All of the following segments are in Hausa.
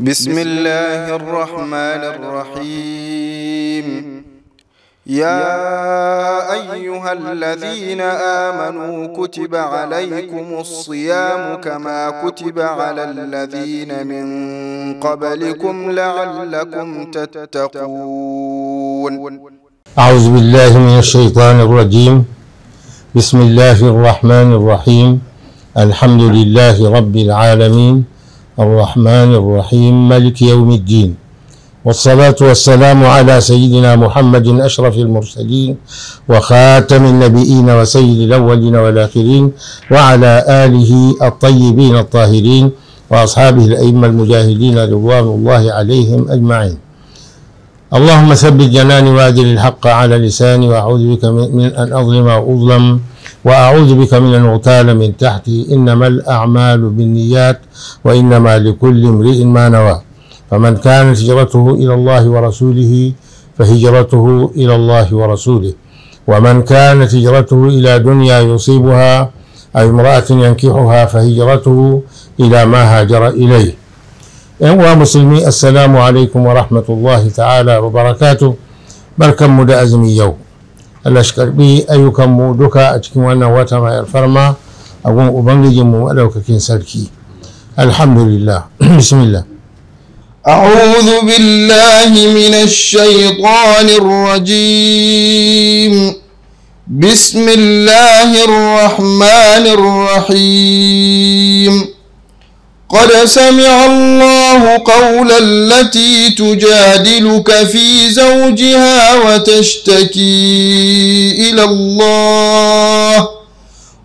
بسم الله الرحمن الرحيم يا أيها الذين آمنوا كتب عليكم الصيام كما كتب على الذين من قبلكم لعلكم تتقون أعوذ بالله من الشيطان الرجيم بسم الله الرحمن الرحيم الحمد لله رب العالمين الرحمن الرحيم ملك يوم الدين والصلاة والسلام على سيدنا محمد أشرف المرسلين وخاتم النبيين وسيد الأولين والآخرين وعلى آله الطيبين الطاهرين وأصحابه الأئمة المجاهدين رضوان الله عليهم أجمعين اللهم ثبت جناني وادل الحق على لساني وأعوذ بك من أن أظلم واظلم وأعوذ بك من أن أغتال من تحتي إنما الأعمال بالنيات وإنما لكل امرئ ما نوى فمن كانت هجرته إلى الله ورسوله فهجرته إلى الله ورسوله ومن كانت هجرته إلى دنيا يصيبها أو امرأة ينكحها فهجرته إلى ما هاجر إليه yan uwa musulmi assalamu alaikum wa rahmatullahi ta'ala wa barakatu mu da azumi yau Allah shi karbi mu duka a cikin wannan wata mai alfarma a gun ubangijinmu madaukakin sarki alhamdulillah bismillah أعوذ billahi من الشيطان الرجيم بسم الله الرحمن قد سمع الله قول التي تجادلك في زوجها وتشتكي إلى الله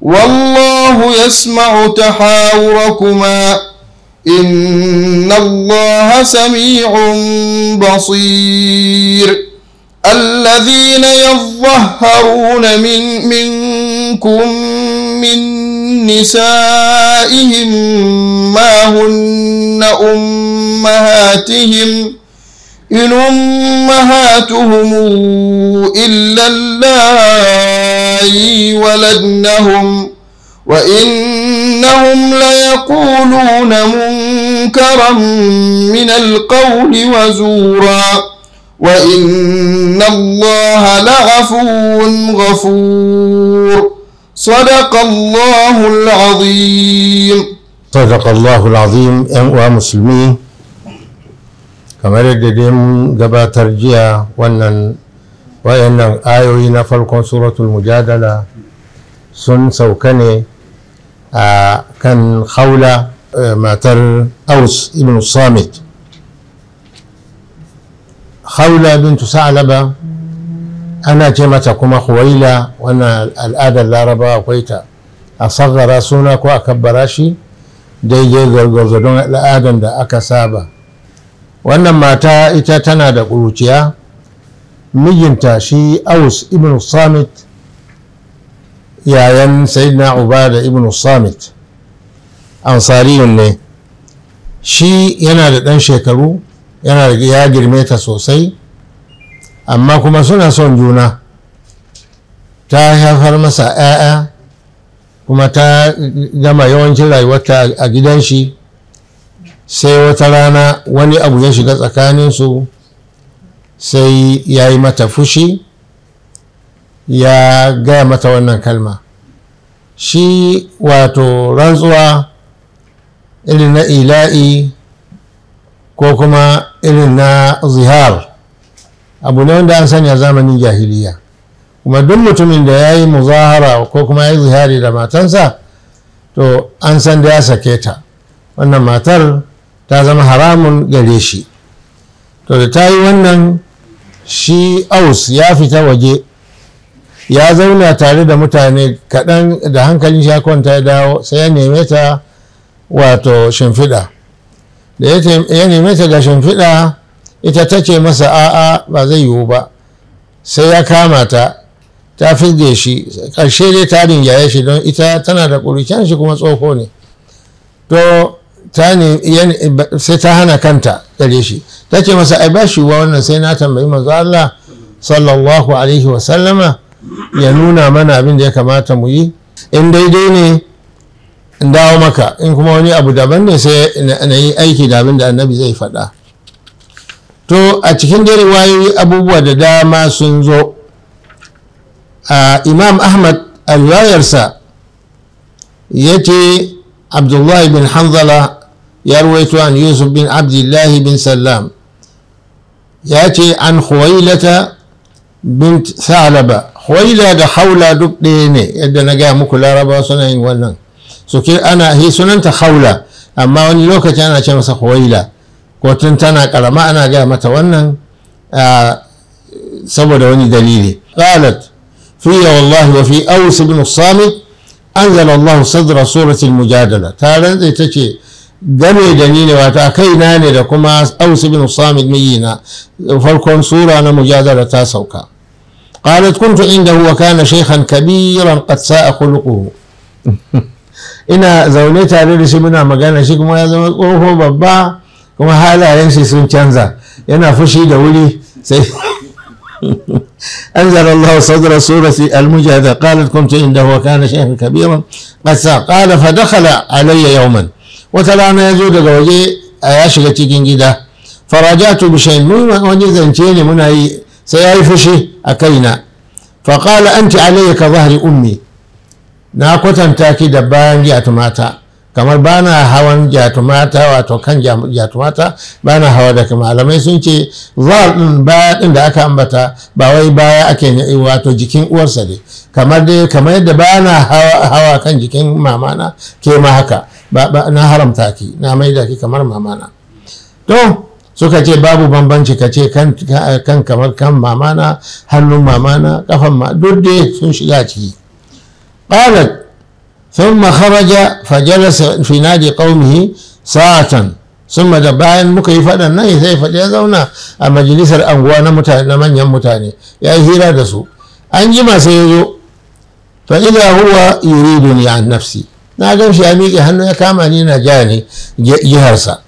والله يسمع تحاوركما إن الله سميع بصير الذين يظهرون من منكم من نسائهم ما هن أمهاتهم إن أمهاتهم إلا اللائي ولدنهم وإنهم ليقولون منكرا من القول وزورا وإن الله لغفور غفور صدق الله العظيم صدق الله العظيم yan musulmi kamar yadda dai mun gabatar jiya wannan wayannan ayoyi na farkon suratul mujadala sun sauka ne a kan haula eh, matar aus ibn samit haula bintu sa'laba ana ce mata kuma huwaila wannan al'adar laraba akwai ta a sagara suna ko a kabbara shi daidai gargazo don al'adar da aka saba wannan mata ita tana da ƙuruciya mijinta shi aus ibn samit yayan sayidina ubada ibn samit ansariyun ne shi yana da ɗan shekaru yana ya girme ta sosai amma kuma suna son juna ta haifar masa 'ya'ya kuma ta gama yawancin rayuwarta a gidan shi sai wata rana wani abu ya shiga tsakaninsu sai ya yi mata fushi ya gaya mata wannan kalma shi wato rantsuwa irin na ila'i ko kuma irin na zihar abu ne wanda an sanya zamanin jahiliya kuma duk mutumin da ya yi muzahara ko kuma ya yi zihari da matansa to an san da ya sake ta wannan matar ta zama haramun gare shi to da ta yi wannan shi aus ya fita waje ya zauna tare da mutane kaɗan da hankalin shi ya kwanta ya dawo sai ya neme ta wato shimfiɗa da ya neme ta ga shimfiɗa ita ta ce masa a'a ba zai yiwu ba sai ya kama ta ta fige shi ƙarshe dai ta rinjaye shi don ita tana da ƙuricen shi kuma tsoho ne to sai ta hana kanta gare shi ta ce masa ai ba shi wannan sai na tambayi manzo Allah sallallahu alaihi wasallama ya nuna mana abin da ya kamata mu yi in daidai ne in dawo maka in kuma wani abu daban ne sai na yi aiki da abin da annabi zai faɗa to a cikin dare wayoyi abubuwa da dama sun zo a imam ahmad alwayarsa ya ce abdullahi bin hanzala ya ruwaito an yusuf bin abdullahi bin salam ya ce an huwailata bin salaba huwaila da haula duk ɗaya ne yadda na gaya muku laraba suna yin wannan suke ana sunanta haula amma wani lokaci ana ce masa huwaila ko tun tana karama ana gaya mata wannan saboda wani dalili qalat fiya wallahi wa fi aws ibn samit anzala Allah sadra surati al-mujadala ta rantse tace game da ni ne wata kaina ne da kuma aws ibn samit miyina farkon sura na mujadala ta sauka kuntu كنت عنده وكان شيخا كبيرا قد ساء خلقه ina zaune tare da shi muna magana shi kuma ya zama tsoho babba kuma halayen shi sun canza yana fushi da wuri sai أنزل الله صدر سورة المجاهدة قالت كنت عنده وكان شيخا كبيرا بس قال فدخل علي يوما أنا يزود وجي أشغل تيكين جدا فرجعت بشيء وجيزا انتيني من أي سيعرفشي أكينا فقال أنت علي كظهر أمي ناكوتا تاكي بانجي أتماتا kamar bana hawan jatumata wato kan jatumata ba na hawa daga malamai sun ce zal din baya din da aka ambata ba wai baya ake wato jikin uwarsa ne kamar dai kamar yadda ba na hawa kan jikin mamana ke ma haka na haramta ki na maida ki kamar mamana to suka ce babu bambanci ka ce kan kamar kan mamana hannun mamana kafan ma duk dai sun shiga ciki qalat ثم خرج فجلس في نادي قومه ساعة ثم دباين مكيفا نهي سيف جازونا مجلس الأنوان متان من يمتاني يا هيرا دسو أنجي ما سيزو فإذا هو يريدني عن نفسي نادم في أميكي هنو يكام أنينا جهرسا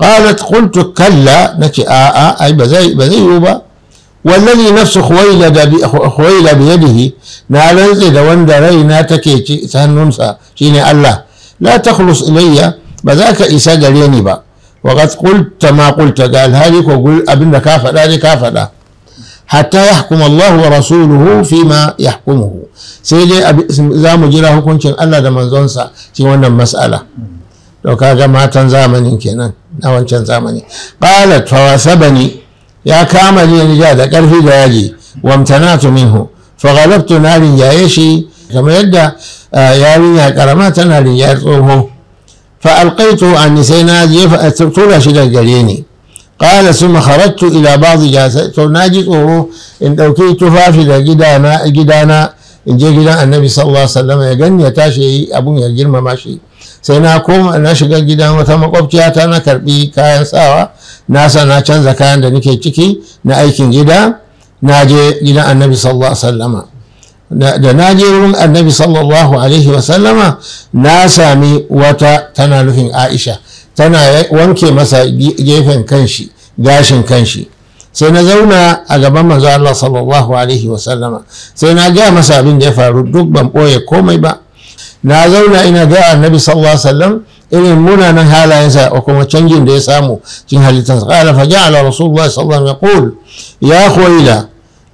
قالت قلت كلا نكي آآ آآ أي بزي بزي wallazi nafsu khuwaila bi yadihi na rantse da wanda raina take ci hannunsa shine Allah la takhlus ilayya ba za ka isa gare ni ba wa qad qulta ma qulta ga alhali ko gul abinda ka faɗa ne ka fada hatta yahkum Allah wa rasuluhu fi ma yahkumuhu sai dai za mu jira hukuncin Allah da manzonsa cikin wannan mas'ala to kaga matan zamanin kenan na wancan zamani qalat fa wasabani يا كامل يا da ƙarfi da وامتنعت منه فغلبت fagalabtu na rinjaye shi يا yadda yarinya karama tana rinjayar tsoho فألقيته عن سيناجي فأتبتولا شدة جريني قال ثم خرجت إلى بعض جاسات ناجته إن أوكيت فافد جدانا جدانا إن جي النبي صلى الله عليه وسلم يجن يتاشي أبو يجن ماشي sai na koma na shiga gidan wata makwabciya ta na karbi kayan tsawa na sa na canza kayan da nake ciki na aikin gida na je gidan annabi sallallahu alaihi wasallama da na je wurin annabi sallallahu alaihi wasallama na sami wata tana nufin aisha tana wanke masa gefen kanshi gashin kanshi sai na zauna a gaban manzo Allah sallallahu alaihi wasallama sai na ga masa abin da ya faru duk ban ɓoye komai ba na zauna ina ga annabi sallallahu alaihi wasallam irin munanan halayensa a kuma canjin da ya samu cikin halittarsa qala fa ja'ala rasulullahi sallallahu alaihi wasallam ya khuila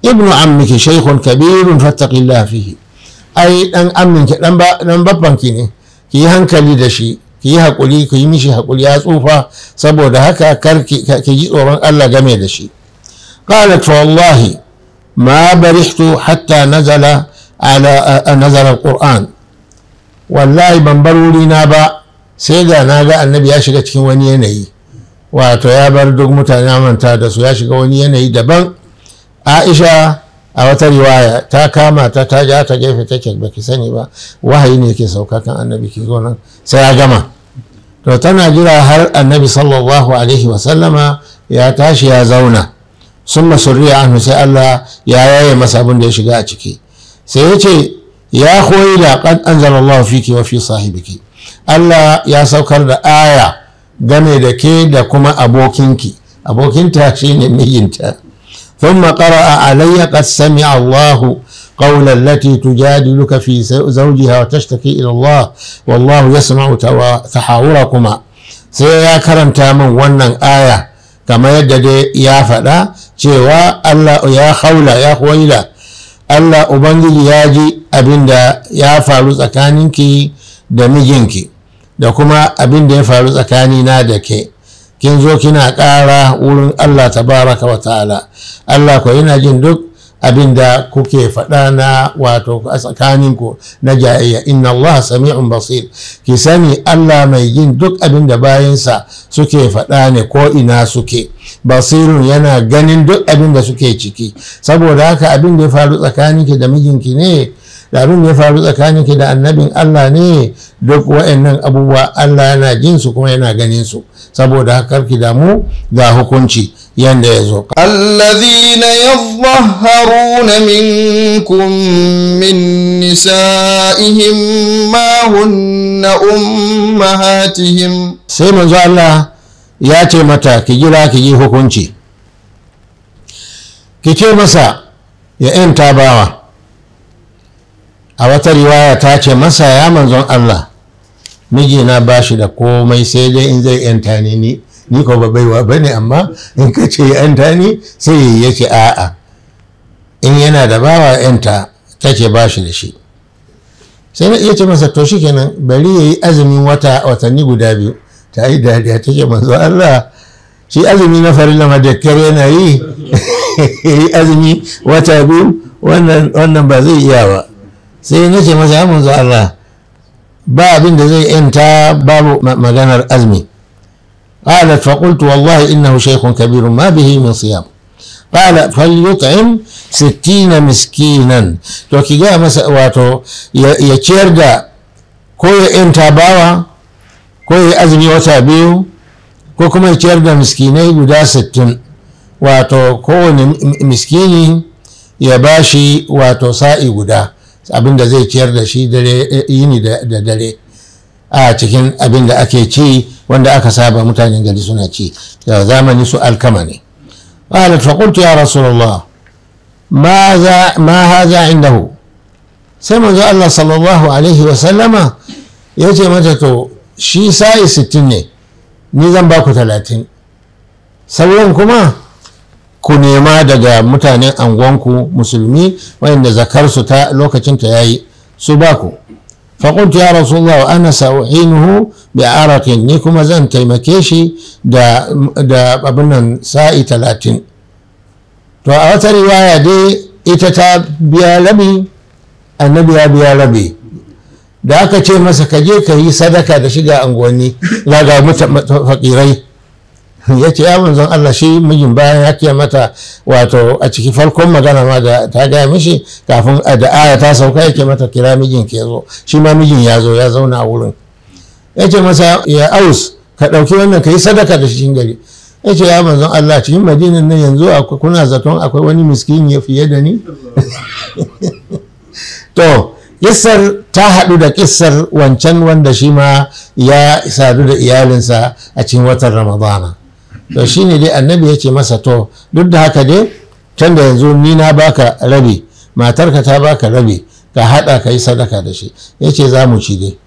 ibnu ammiki shaykhun kabirun fattaqillah fihi ai dan amminki dan dan babbanki ne ki yi hankali da shi ki yi hakuri ki yi mishi hakuri ya tsufa saboda haka kar ki ji tsoron Allah game da shi fa wallahi ma barihtu hatta nazala ala nazala alquran wallahi ban bar wurina ba sai ga na ga annabi ya shiga cikin wani yanayi wato ya bar duk mutane manta da su ya shiga wani yanayi daban aisha a wata riwaya ta kama ta ta ja ta gefe take baki sani ba wahayi ne ke sauka kan annabi ke zo nan sai ya gama to tana jira har annabi sallallahu alaihi sallama ya tashi ya zauna sun masurriya sai Allah ya yaye masa abin da ya shiga a ciki sai ya ce يا لا قد أنزل الله فيك وفي صاحبك ألا يا سوكر آية game da ke da kuma abokinki abokinta shine mijinta thumma qara'a alayya qad sami'a Allahu قول التي تجادلك في زوجها وتشتكي إلى الله والله يسمع تحاوركما سيا كرم تامن ونن آية كما يدد يا فلا cewa Allah ya خولة ya خويلة Allah أبنجي ياجي abin da ya faru tsakaninki da mijinki da kuma abin da ya faru tsakanina da ke kin zo kina ƙara wurin Allah tabaraka wa ta'ala Allah ko yana jin duk abin da kuke faɗa na wato a tsakaninku na jayayya inna Allah sami'un basir ki sani Allah mai jin duk abin da bayansa suke faɗa ne ko ina suke basirun yana ganin duk abin da suke ciki saboda haka abin da ya faru tsakaninki da mijinki ne da abin da ya faru tsakaninki da annabin Allah ne duk wa'annan abubuwa Allah yana jin su kuma yana ganin su saboda haka ki damu ga hukunci yanda ya zo allazina yadhharuna minkum min nisa'ihim ma hunna ummahatihim sai manzo Allah ya ce mata ki jira ki yi hukunci ki ce masa ya 'yan tabawa a wata riwaya ta ce masa ya manzon Allah mijina ba shi da komai sai dai in zai yanta ni ni ni ko ba baiwa ba ne amma in ka ce yanta ni sai ya ce a'a in yana da bawa yanta take ba shi da shi sai na iya ce masa to shikenan bari ya yi azumin wata watanni guda biyu ta yi dariya ta ce manzo Allah shi azumi na farilla kare yana yi ya yi azumi wata biyu wannan ba zai iya ba sai na ce masa Allah ba abin da zai yanta babu maganar azumi قال فقلت والله kabiru شيخ كبير ما به من صيام قال فليطعم ستين miskinan to ki masa wato ya ciyar da ko ya yanta bawa ko ya azumi wata biyu ko kuma ya ciyar da miskinai guda sittin wato kowane miskini ya bashi wato sa'i guda abin da zai ciyar da shi dare eh, yini da dare a cikin abin da ake ci wanda aka saba mutanen gari suna ci zamani su alkama ne قالت فقلت يا رسول الله ماذا ما هذا عنده sai manzo Allah sallallahu alaihi wa sallama ya mata to shi sa'i sittin ne ni zan ba ku talatin sauran kuma ku nema daga mutanen angonku musulmi wa'inda zakarsu ta lokacin ta yayi su ba ku faƙuntu ya rasulullah wa ana sa'inuhu bi arakin ni kuma zan taimake shi da da nan sa'i talatin to a wata riwaya dai ita ta biya labi annabi ya biya labi da aka ce masa kaje ka yi sadaka da shiga anguwanni ga ga mutafakirai ya ce ya manzon Allah shi mijin bayan ya kiyar mata wato a ciki farkon magana ma da ta gaya mishi kafin da aya ta sauka ya ke mata kira mijin ke zo shi ma mijin ya zo ya zauna a wurin ya ce masa ya aus ka ɗauki wannan ka yi sadaka da cikin gari ya ce ya manzon Allah cikin madinan nan yanzu kuna zaton akwai wani miskin ya fiye da ni to kissar ta haɗu da kissar wancan wanda shi ma ya sadu da iyalinsa a cikin watan ramadana to shine dai annabi ya ce masa to duk da haka dai can da yanzu ni na baka rabi matarka ta baka rabi ka haɗa ka yi sadaka da shi ya ce za mu ci dai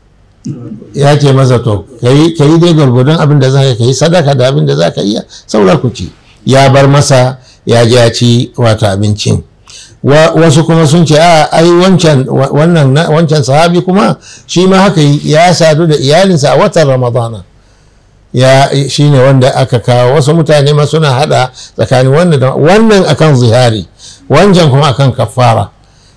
ya ce masa to ka yi dai gwargwadon abin da za ka yi sadaka da abin da za ka iya saura ku ci ya bar masa ya ji ya ci wato abincin wasu kuma sun ce a ai wancan sahabi kuma shi ma haka ya sadu da iyalinsa a watan ramadana ya shine wanda aka kawo wasu mutane ma suna hada tsakanin wannan wannan akan zihari wancan kuma akan kafara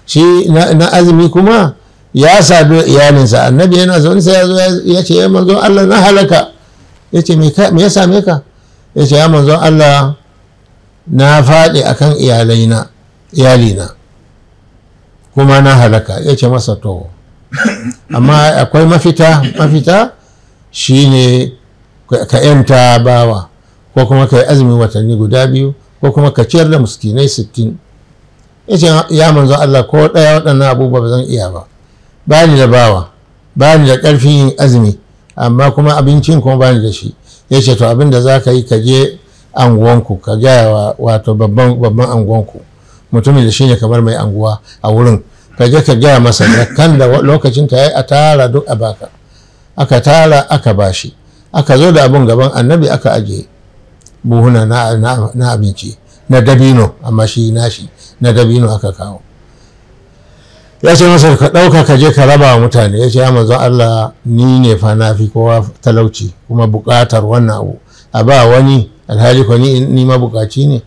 shi na azumi kuma ya sadu iyalinsa annabi yana zaune sai ya zo ya ce ya manzo Allah na halaka ya ce me ya same ka ya ce ya manzo Allah na faɗi akan iyalaina iyalina kuma na halaka ya ce masa to amma akwai mafita mafita shine ka yanta bawa ko kuma ka yi azumin watanni guda biyu ko kuma ka ciyar da muskinai sittin ya ce ya manzo Allah ko ɗaya waɗannan abubuwa ba zan iya ba ba ni da bawa ba ni da ƙarfin yin azumi amma kuma abincin kuma ba ni da shi ya ce to abin da za ka yi ka je anguwanku ka gaya wa wato babban babban anguwanku mutumin da shine kamar mai anguwa a wurin ka je ka gaya masa kan da lokacin ka yi a tara duk a baka aka tara aka bashi aka zo da abin gaban annabi aka ajiye buhuna na abinci na dabino amma shi nashi na dabino aka kawo ya ce masa ka ɗauka ka je ka raba wa mutane ya ce ya manzo Allah ni ne fa na fi kowa talauci kuma buƙatar wannan abu a ba wani alhali ko ni ma buƙaci ne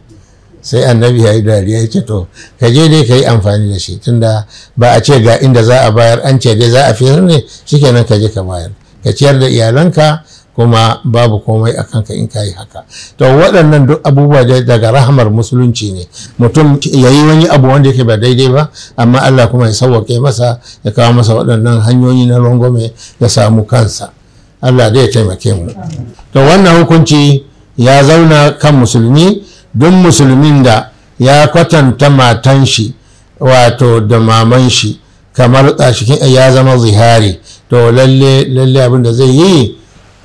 sai annabi ya yi dariya ya ce to ka je dai ka yi amfani da shi tunda ba a ce ga inda za a bayar an ce dai za a fitar ne shikenan ka je ka bayar ka ciyar da iyalanka kuma babu komai a kanka in ka yi haka to waɗannan duk abubuwa daga rahamar musulunci ne mutum ya yi wani abu wanda yake ba daidai ba amma Allah kuma ya sauwaƙe masa ya kawo masa waɗannan hanyoyi na rangwame ya samu kansa Allah zai taimake mu to wannan hukunci ya zauna kan musulmi duk musulmin da ya kwatanta matan shi wato da maman shi kamar ya zama zihari to lalle lalle abin da zai yi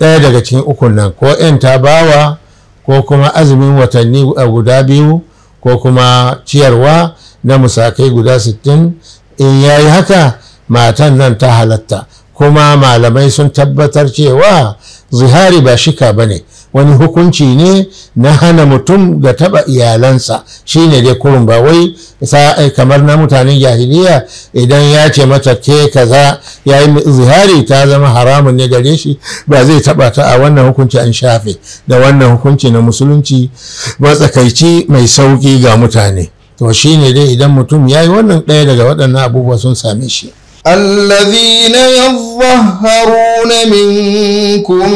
ɗaya daga cikin ukun nan ko ‘yan tabawa ko kuma azumin watanni a guda biyu ko kuma ciyarwa na musakai guda sittin in ya yi haka matan nan ta halatta kuma malamai sun tabbatar cewa zihari ba shika ba ne wani hukunci ne na hana mutum ga taba iyalansa shine dai kurun ba wai eh, kamar na mutanen jahiliya idan ya ce mata ke kaza ya yi zihari ta zama haramun ne gare shi ba zai taba ta a wannan hukunci an shafe da wannan hukunci na musulunci matsakaici mai sauki ga mutane to shine dai idan mutum ya yi wannan ɗaya daga waɗannan abubuwa sun same shi الذين يظهرون منكم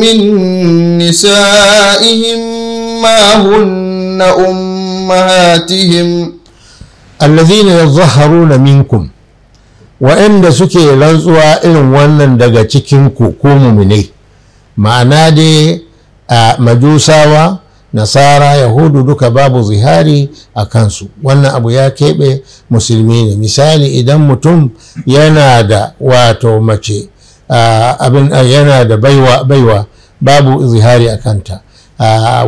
من نسائهم ما هن أمهاتهم الذين يظهرون منكم وإن سكي لنزوا إن ونن دقا تكينكو كومو مني معنا دي مجوساوا nasara yahudu duka babu zihari a kansu wannan abu ya keɓe musulmi ne misali idan mutum yana da wato mace abin yana da baiwa babu zihari a kanta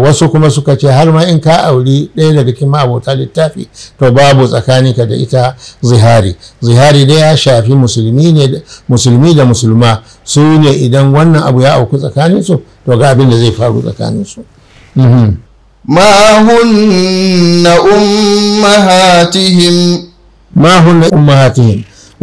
wasu kuma suka ce har ma in ka auri ɗaya daga cikin abota littafi to babu tsakaninka da ita zihari zihari dai ya shafi musulmi musulmi da musulma su ne idan wannan abu ya auku tsakaninsu to ga abin da zai faru tsakaninsu ما هن أمهاتهم ما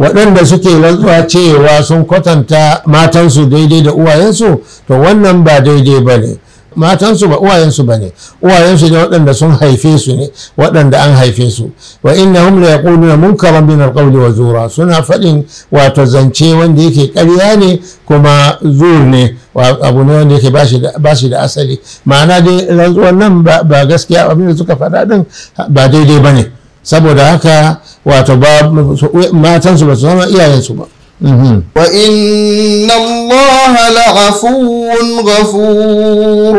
waɗanda suke rantsuwa cewa sun kwatanta matansu daidai da uwayensu to wannan ba daidai ba ne matansu ba uwayensu ba ne uwayensu ne waɗanda sun haife su ne waɗanda an haife su wa inna hum la yaquluna munkaran min alqawli wa zura suna faɗin wato zance wanda yake ƙarya ne kuma zur ne abu ne wanda yake ba shi da asali ma'ana dai rantsuwar nan ba gaskiya abin da suka faɗa ɗin ba daidai ba ne saboda haka wato ba matansu ba su zama iyayensu ba وإن الله لغفور غفور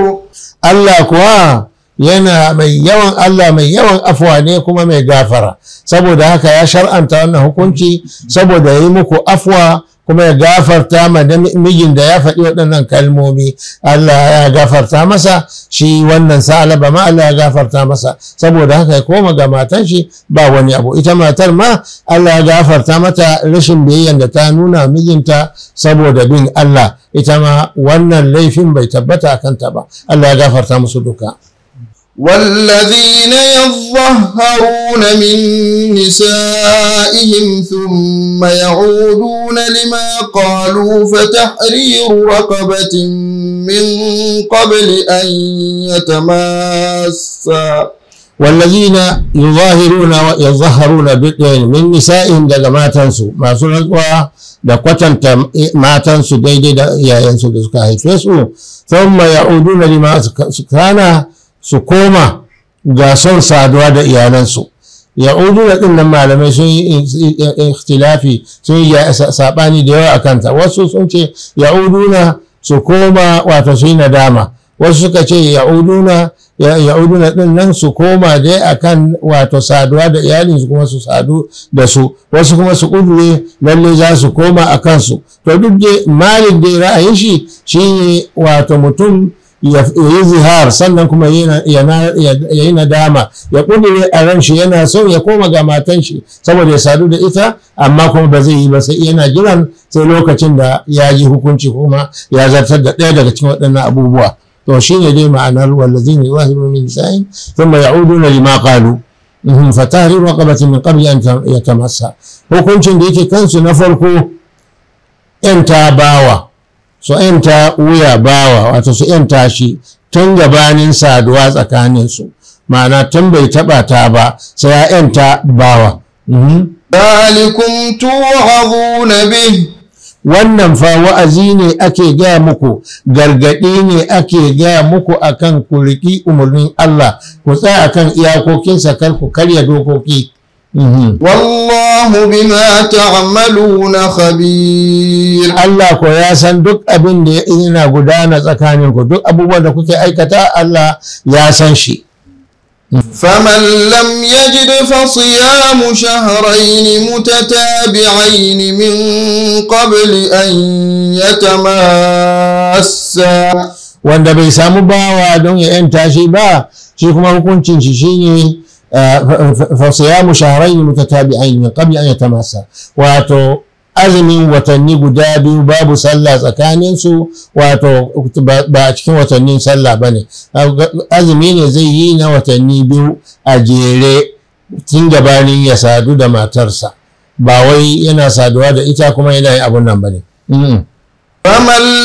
allah kuwa yana mai yawan Allah mai yawan afuwa ne kuma mai gafara saboda haka ya shar'anta wannan hukunci saboda ya yi muku afuwa kuma ya gafarta ma mijin da ya faɗi waɗannan kalmomi Allah ya gafarta masa shi wannan sa'alaba ma Allah ya gafarta masa saboda haka ya koma ga matan shi ba wani abu ita matar ma Allah ya gafarta mata rashin biyayyar da ta nuna mijinta saboda bin Allah ita ma wannan laifin bai tabbata a kanta ba Allah ya gafarta musu duka والذين يظهرون من نسائهم ثم يعودون لما قالوا فتحرير رقبة من قبل أن يتماسا والذين يظاهرون يظهرون من نسائهم daga matansu masu rantsuwa da kwatanta matansu daidai da yayansu da suka haife su thumma ya'uduna lima kana su koma ga son saduwa da iyalansu Ya'uduna da dinnan malamai sun yi ikhtilafi sun yi saɓani da yawa a kanta wasu sun ce ya'uduna su koma wato su yi nadama wasu suka ce ya'uduna ya'uduna ɗin nan su koma dai akan wato saduwa da iyalin su kuma su sadu da su wasu kuma su kudure lalle za su koma a kansu to duk dai malik dai ra'ayin shi shi wato mutum ya yi zihar sannan kuma ya yi nadama ya ƙudure a ran shi yana son ya koma ga matan shi saboda ya sadu da ita amma kuma ba zai yi ba sai yana jiran sai lokacin da ya yi hukunci kuma ya zartar da ɗaya daga cikin waɗannan abubuwa to shi ne dai ma'anar wallazina yuwahiru min sa'in thumma ya'uduna lima qalu mhm, min qabli an yatamassa hukuncin da yake kansu na farko 'yan tabawa su ‘yanta wuya bawa wato su ‘yanta shi tun gabanin saduwa tsakaninsu mana tun bai taɓa ta ba sai ya ‘yanta bawa. Dalikum mhm. tuwa'azuna bih wannan fa wa'azi ne ake gaya muku gargaɗi ne ake gaya muku akan ku riƙi umarnin Allah ku tsaya akan iyakokinsa kar ku karya dokoki Mm-hmm. wallahu bima ta'maluna khabir Allah ko ya san duk abin da yana gudana tsakanin ku duk abubuwan da kuke aikata Allah ya san shi فمن لم يجد فصيام شهرين متتابعين من قبل أن يتماسا wanda bai samu bawa don ya 'yanta shi ba shi kuma hukuncin shi shine فصيام شهرين متتابعين من قبل ان يتماسا wato azumin watanni guda biyu babu sallah tsakanin su wato ba a cikin watannin sallah bane azumi ne zai yi na watanni biyu a jere tun gabanin ya sadu da matarsa ba wai yana saduwa da ita kuma yana yin abun nan bane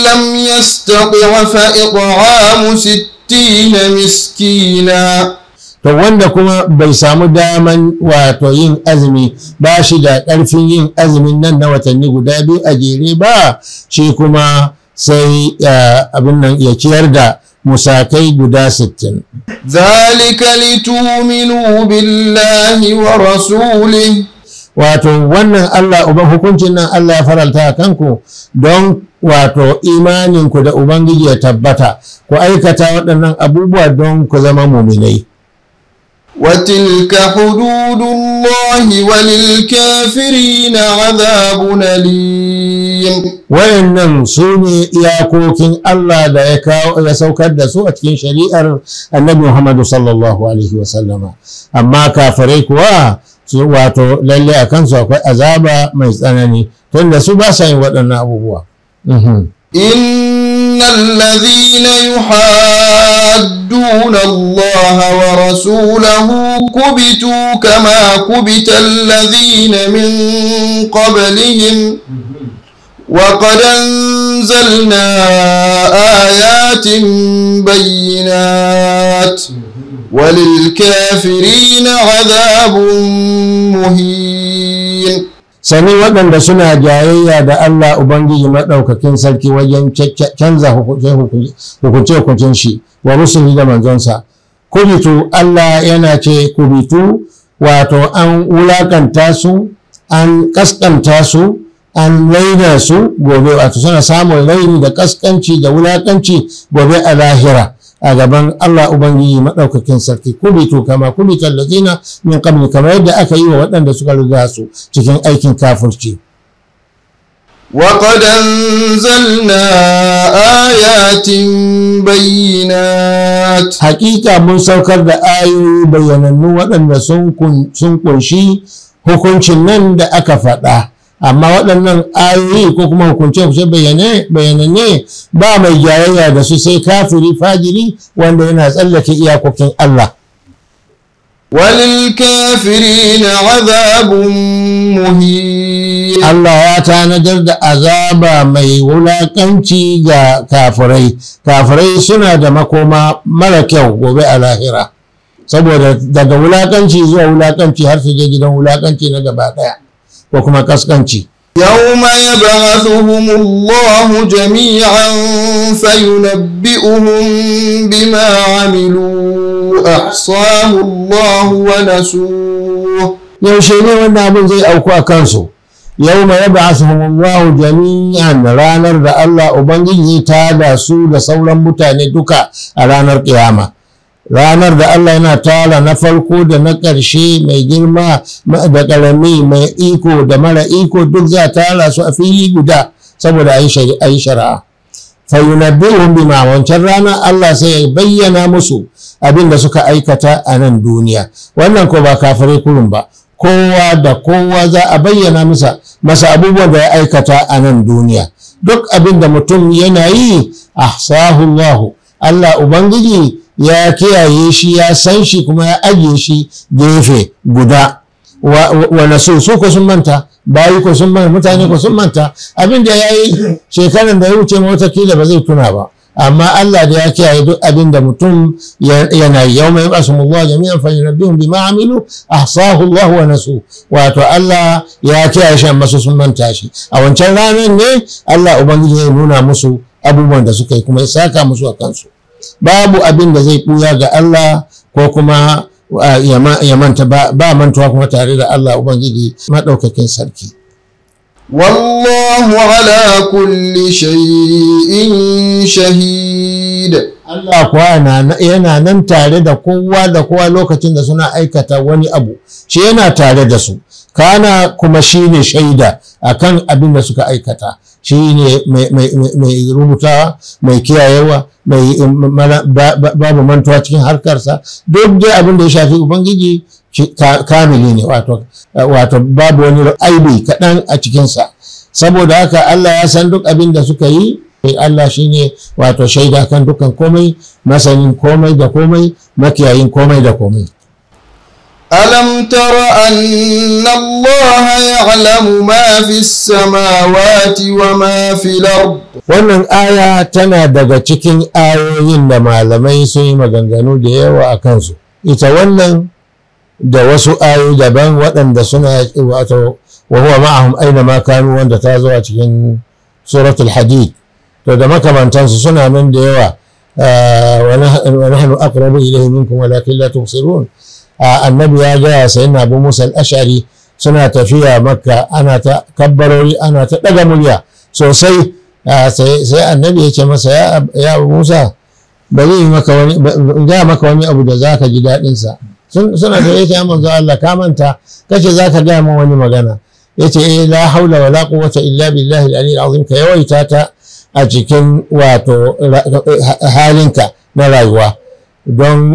lam yastaqi wa فإطعام ستين miskina to wanda kuma bai samu daman wato yin azumi ba shi da ƙarfin yin azumin nan na watanni guda biyu a jere ba shi kuma sai abin nan ya ciyar da musakai guda sittin. zalika tuminu billahi wa rasuli wato wannan Allah uban hukuncin nan Allah ya faralta a kanku don wato imaninku da ubangiji ya tabbata ku aikata waɗannan abubuwa don ku zama muminai وتلك حدود الله وللكافرين عذاب أليم وإنهم سوني إياكوكين الله لا يكاو يسوكر دسو أتكين شريئة النبي محمد صلى الله عليه وسلم أما كافريك وا wato lalle a kansu akwai azaba mai tsanani tunda su ba sa yin waɗannan abubuwa. In إن الذين يحادون الله ورسوله كبتوا كما كبت الذين من قبلهم وقد أنزلنا آيات بينات وللكافرين عذاب مهين sani waɗanda suna jayayya da Allah Ubangiji maɗaukakin sarki wajen canza hukunce-hukuncen shi wa rusuli da manzonsa. Kubitu Allah yana ce kubitu wato an wulaƙanta su, an ƙasƙanta su, an laida su gobe wato suna samun laini da ƙasƙanci da wulakanci gobe a lahira. a gaban Allah Ubangiji maɗaukakin sarki to kama kubitan tallazina min qabli kamar yadda aka yi wa waɗanda suka riga su cikin aikin kafirci وقد أنزلنا آيات بينات حقيقة من سوكر دا آيو بيانا نوة أن سنكون شي hukuncin nan da aka faɗa amma waɗannan ayoyi ko kuma hukunce-hukunce bayananne ba mai jayayya da su sai kafiri fajiri wanda yana tsallake iyakokin Allah. وللكافرين عذاب مهين Allah ya tanadar da azaba mai wulaƙanci ga kafirai kafirai suna da makoma mara kyau gobe a lahira saboda daga wulaƙanci zuwa wulakanci har su je gidan wulakanci na gaba daya ko kuma kaskanci. ma ya ba su humullahu jami'an sayunabbi uhun bi ma'amilu a samunmahu wane su. Yaushe ne wanda abin zai auku a kansu. ma ya ba su humullahu jami'an ranar da Allah Ubangiji ta da su da sauran mutane duka a ranar ƙiyama. ranar da Allah yana tara na farko da na ƙarshe mai girma da ƙarami mai iko da mara iko duk za a tara su a fili guda saboda a yi shari'a bi ma wancan rana Allah sai ya bayyana musu abinda suka aikata a nan duniya wannan ko ba kafirai kurun ba kowa da kowa za a bayyana masa masa abubuwan da ya aikata a nan duniya duk abinda mutum yana yi yahu, Allah ubangiji ya kiyaye shi ya san shi kuma ya ajiye shi gefe guda wa nasu su ko sun manta bayi ko sun manta mutane ko sun manta abin da ya yi shekaran da ya wuce watakila ba zai tuna ba amma Allah da ya kiyaye duk abin da mutum yana yi yau mai basu mulwa jami'an fa bi ma'amilu a sahu Allah wa nasu wato Allah ya kiyaye shi amma su sun manta shi a wancan ranar ne Allah ubangiji ya nuna musu abubuwan da suka yi kuma ya saka musu a kansu babu abin da zai ɓuya ga Allah ko kuma ya manta ba mantuwa kuma tare da Allah Ubangiji maɗaukakin sarki. Wallahu ala kulli shay'in shahid. Allah kuwa yana nan tare da kowa da kowa lokacin da suna aikata wani abu, shi yana tare da su, kana kuma shi ne shaida akan abin da suka aikata. shi ne mai rubuta mai kiyayewa mai babu mantuwa cikin harkarsa duk dai abin da ya shafi ubangiji kamili ne wato babu wani aibi kaɗan a cikinsa saboda haka allah ya san duk abin da suka yi Allah shi ne wato shaida kan dukkan komai masanin komai da komai makiyayin komai da komai ألم تر أن الله يعلم ما في السماوات وما في الأرض wannan aya tana daga cikin ayoyin da malamai sun yi maganganu da yawa a kansu ita wannan da wasu ayoyi daban waɗanda suna wato wa huwa ma'ahum aina ma kanu wanda ta zo a cikin suratul hadid to da makamantansu suna nan da yawa ah, wa nahnu aqrabu ilayhi minkum walakin la tubsirun annabi ya gaya sai abu musa al'ashari ashari suna tafiya makka ana ta kabbarori ana ta daga murya sosai sai annabi ya ce masa ya abu musa ba in yi maka wani abu da za ka ji daɗinsa suna da yake manzo Allah ka manta kace za ka gaya wani magana yace eh la haula wala quwwata illa billahi al-ali azim ka yawaita ta a cikin wato halinka na rayuwa don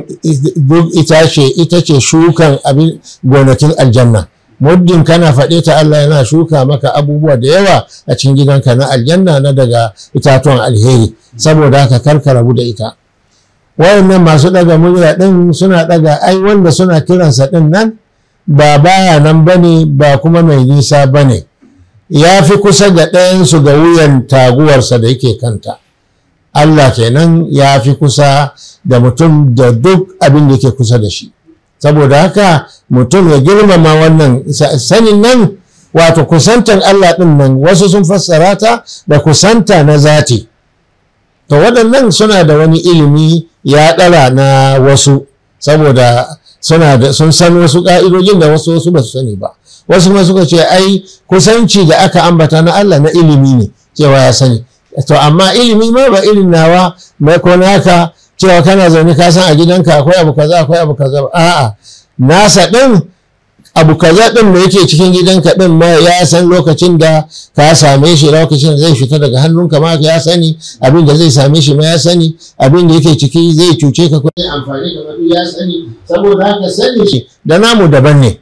duk ita ce shukan abin gonakin aljanna muddin kana faɗe ta Allah yana shuka maka abubuwa da yawa a cikin gidanka na aljanna na daga itatuwan alheri saboda haka karka rabu da ita wayannan masu daga murya din suna daga ai wanda suna kiransa din nan ba baya nan bane ba kuma mai nisa bane ya fi kusa ga ɗayansu ga wuyan taguwarsa da yake kanta Allah kenan ya fi kusa da mutum da duk abin da ke kusa da shi saboda haka mutum ya girmama wannan sanin nan wato kusantar Allah ɗin nan wasu sun fassara ta da kusanta na zati to waɗannan suna da wani ilimi ya ɗara na wasu saboda sun san wasu ƙa'idojin da wasu wasu ba su sani ba wasu ma suka ce ai kusanci da aka ambata na Allah na ilimi ne cewa ya sani to amma ilimi ma ba irin nawa mai ko naka cewa kana zaune ka san a gidanka akwai abu kaza akwai abu kaza a'a nasa din abu kaza din da yake cikin gidanka din ma ya san lokacin da ka same shi lokacin da zai fita daga hannunka ma ya sani abin da zai same shi ma ya sani abin da yake ciki zai cuce ka ko zai amfani ka ma ya sani saboda haka sani shi da namu daban ne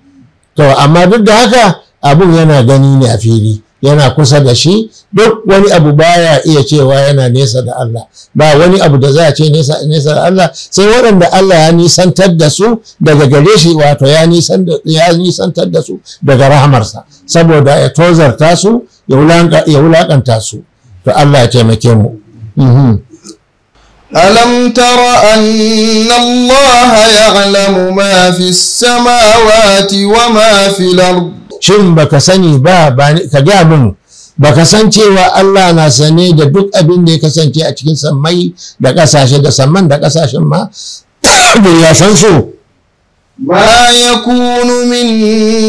to amma duk da haka abun yana gani ne a fili yana kusa da shi duk wani abu baya iya cewa yana nesa da Allah ba wani abu da za a ce nesa, nesa da Allah sai waɗanda Allah ya nisantar da su daga gare shi wato ya nisantar da su daga rahamarsa saboda ya tozarta su ya wulaƙanta su to Allah ya taimake mu. Mhm. ألم تر أن الله يعلم ما في السماوات وما في الأرض shin baka sani ba ka gaya min baka san cewa Allah na sane da duk abin da ya kasance a cikin sammai da kasashe da saman da kasashen ma da ya san su ما يكون min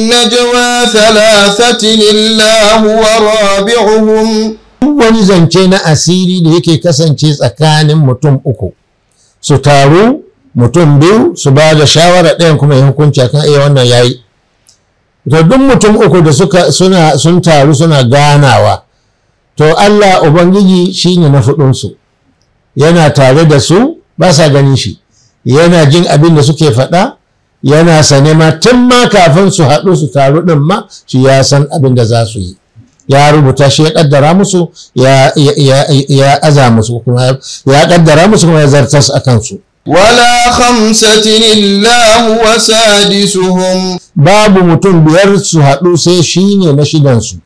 نجوى ثلاثة إلا هو رابعهم wani zance na asiri da yake kasance tsakanin mutum uku su taru mutum biyu su ba da shawara ɗayan kuma ya hukunci akan iya eh, wannan yayi to duk mutum uku da suka suna sun taru suna ganawa to Allah ubangiji shine na fudunsu yana tare da su ba sa ganin shi yana jin abin da suke faɗa yana sane ma tun ma kafin su haɗu su taru ɗin ma shi ya san abin da za su yi ya rubuta shi ya kaddara musu ya aza musu kuma ya kaddara musu kuma ya zartas a kansu wala khamsatin illa huwa sadisuhum babu mutum biyar su haɗu sai shi ne na shidan su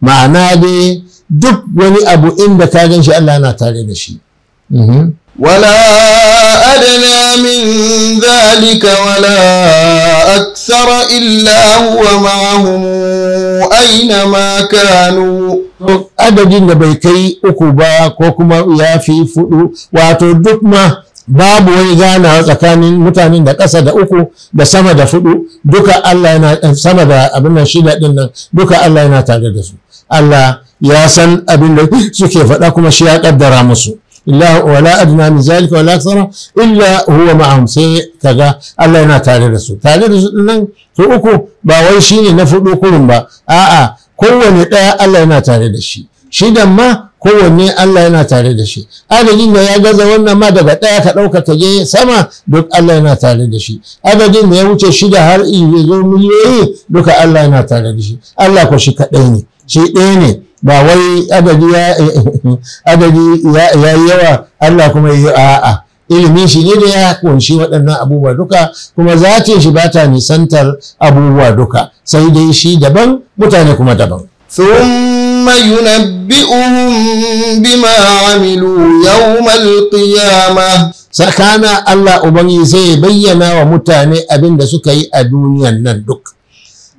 ma'ana dai duk wani abu inda ka gan shi Allah yana tare da shi mhm. ولا أدنى من ذلك ولا أكثر إلا هو معهم أينما كانوا adadin da bai kai uku ba ko kuma ya fi fudu wato duk ma babu wani ganawa tsakanin mutanen da ƙasa da uku da sama da fudu duka Allah yana sama da abin nan shida din nan duka Allah yana tare da su Allah ya san abin da suke faɗa kuma shi ya ƙaddara musu illa wala adna min zalika wala aksara illa huwa ma'ahum sai kaga Allah yana tare da su tare da su nan to uku ba wai shine na fudu kurun ba a'a kowanne ɗaya Allah yana tare da shi shi dan ma kowanne Allah yana tare da shi adadin da ya gaza wannan ma daga ɗaya ka ɗauka ka je sama duk Allah yana tare da shi adadin da ya wuce shida har iya zo miliyoyi duka Allah yana tare da shi Allah ko shi kaɗai ne shi ɗaya ne ba wai adadi ya yi yawa Allah kuma yi a'a ilimin shi ne da ya kunshi waɗannan abubuwa duka kuma zatin shi ba ta nisantar abubuwa duka sai dai shi daban mutane kuma daban ثم ينبئهم بما عملوا يوم qiyamah sakana Allah Ubangi zai bayyana wa mutane abin da suka yi a duniyan nan duk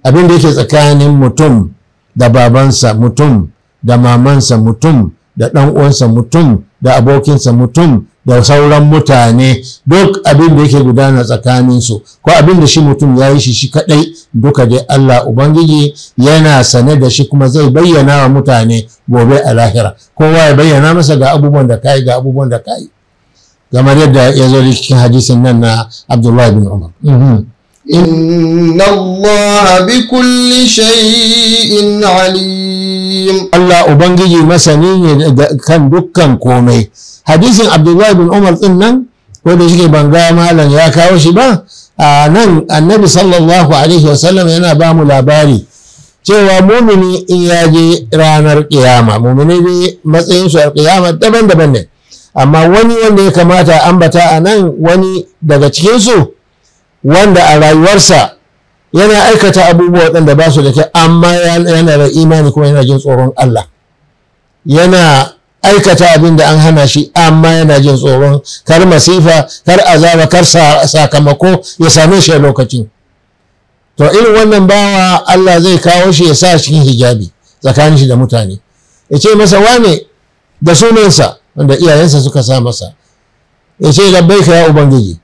abin da yake tsakanin mutum da babansa mutum da mamansa mutum da ɗan'uwansa mutum da abokinsa mutum da sauran mutane duk abin da yake gudana tsakaninsu ko abin da shi mutum ya yi shi shi kaɗai duka dai Allah Ubangiji yana sane da shi kuma zai bayyana wa mutane gobe a lahira kowa ya bayyana masa ga abubuwan da kai ga abubuwan da kai kamar yadda ya zo cikin hadisin nan na Abdullahi bin Umar. Mm-hmm. inna Allah bi kulli shay'in alim Allah ubangiji masani ne kan dukkan komai hadisin Abdullahi bin Umar ɗin nan ko da shike ban ga malam ya kawo shi ba a nan annabi sallallahu alaihi wasallam yana ba mu labari cewa mumini in ya je ranar kiyama mumini ne matsayin su a ƙiyama daban-daban ne amma wani wanda ya kamata ambata a nan wani daga cikinsu? su wanda a rayuwarsa yana aikata abubuwa waɗanda ba su da kyau amma yana da imani kuma yana jin tsoron Allah yana aikata abin da an hana shi amma yana jin tsoron kar masifa kar azaba kar sakamako ya same shi a lokaci. to irin wannan bawa Allah zai kawo shi ya sa cikin hijabi tsakanin shi da mutane ya ce masa wane da sunansa wanda iyayensa suka sa masa ya ce labbaika ya ubangiji